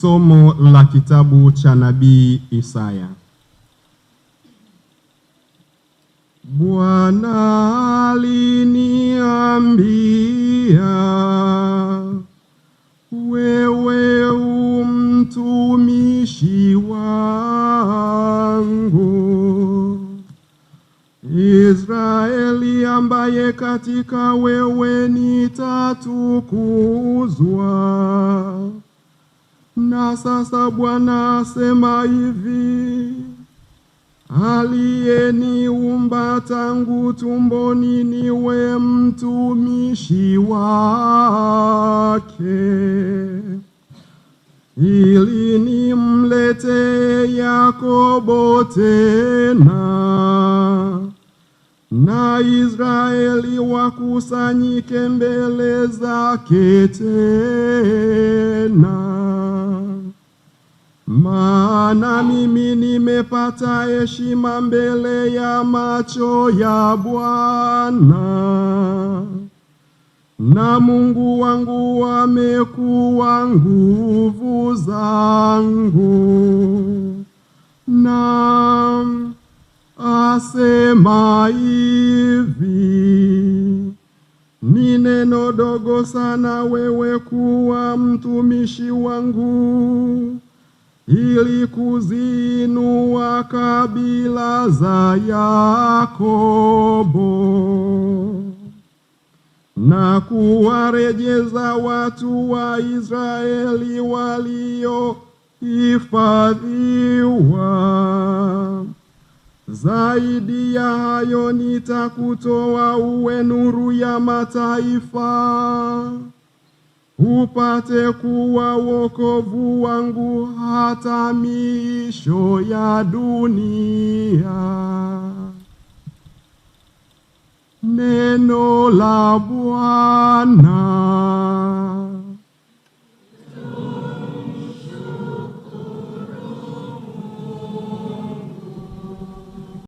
Somo la kitabu cha nabii Isaya. Bwana aliniambia, wewe umtumishi wangu Israeli, ambaye katika wewe nitatukuzwa na sasa Bwana asema hivi, aliyeniumba tangu tumboni niwe mtumishi wake, ili mlete Yakobo tena na Israeli wakusanyike mbele zake tena maana mimi nimepata heshima mbele ya macho ya Bwana, na Mungu wangu amekuwa nguvu zangu, na asema hivi ni neno dogo sana wewe kuwa mtumishi wangu ili kuzinua kabila za Yakobo na kuwarejeza watu wa Israeli waliohifadhiwa. Zaidi ya hayo, nitakutoa uwe nuru ya mataifa upate kuwa wokovu wangu hata miisho ya dunia. Neno la Bwana.